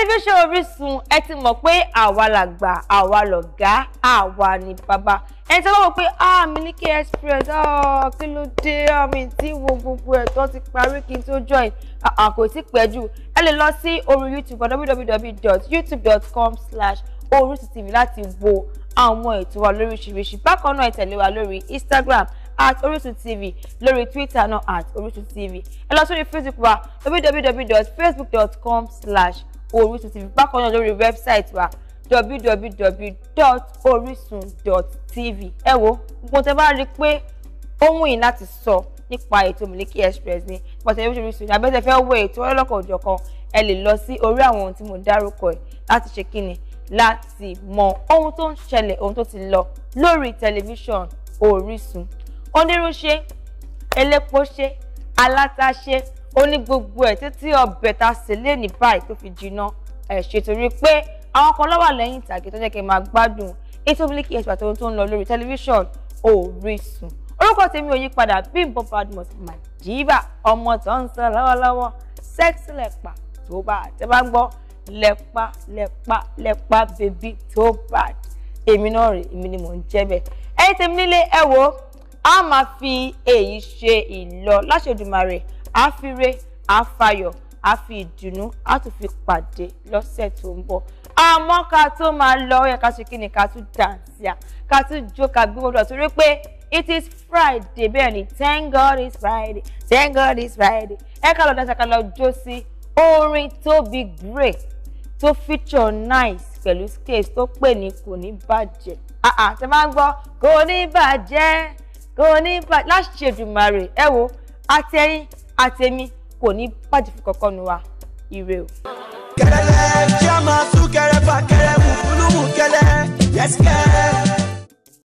tẹlifíṣàn Orísun ẹ ti mọ̀ pé àwa làgbà àwa lọ̀gá àwa ni bàbá ẹni tí wọ́n wọ́n pé ah Miliki Express ah kí ló dé àmì tí wo gbogbo ẹ̀ ti parí kí n tó join àkò tí pẹ́ jù ẹ lè lọ sí orí YouTube www.youtube.com slash Orisun TV láti wo àwọn ètò wa lóríṣiríṣi bákan náà ẹ tẹ̀lé wa lórí Instagram at Orisun TV lórí Twitter náà at Orisun TV ẹ lọ sórí Facebook wa www.facebook.com slash Orísun TV bákan náà lórí wẹ́bsáìtì wa www.orisun.tv ẹ wo gbogbo tẹ bá rí i pé ó wù yín láti sọ nípa ètò Miliki Express ní pọ̀tẹ́ ìwé orísun ní abẹ́tẹ̀ fẹ́ wọ ètò ọlọ́kọ̀ òjọ̀kan ẹ lè lọ sí orí àwọn ohun tí mo dárúkọ ẹ̀ láti ṣe kíni láti mọ ohun tó ń ṣẹlẹ̀ ohun tó ti lọ lórí tẹlifíṣàn Orísun onírúṣe elépoṣe alátaṣe ó ní gbogbo ẹ̀ títí ọbẹ̀ ta sì lé ní báyìí tó fi jiná ẹ̀ ṣe torí pé àwọn kan lọ́wọ́ lẹ́yìn ìtàgé tó jẹ́ kí n máa gbádùn ètò Miliki Express tó ń lọ lórí tẹlifíṣàn Orísun orúkọ tèmi ò yí padà Bímbọ́ Badmus Madiva ọmọ tó ń sọ lọ́wọ́lọ́wọ́ sẹ́ẹ̀sì lẹ́pà tó bá tẹ́ bá ń gbọ́ lẹ́pà lẹ́pà lẹ́pà bèbí tó bá èmi náà rè èmi ni mò ń jẹ́ bẹ́ẹ̀ ẹ̀yin tèmi nílé ẹ wo a máa fi èyí ṣe ìlọ láṣẹ Èdùmàrè àfire àfayọ̀ àfi ìdùnnú á tún fi pàdé lọ́sẹ̀ tó ń bọ̀ àmọ́ ká tó máa lọ ó yẹ ká ṣe kí ni ká tún dànsíà ká tún jó ká gbé wọn lọ torí pé it is friday bẹ́ẹ̀ ni thank god it's friday thank god it's friday ẹ ká lọ dànsíà ká lọ jó sí orin tó be great tó feature nice pẹ̀lú scales tó pè ní kò ní bàjẹ́ àà tẹ máa ń gbọ́ kò ní bàjẹ́ kò ní bàjẹ́ láṣẹ Èdùmàrè ẹ wo àtẹ̀yìn àtẹ̀mí kò ní bàjẹ́ fún kankan nu wa ire o. kẹlẹ ṣé máa sún kẹrẹ fà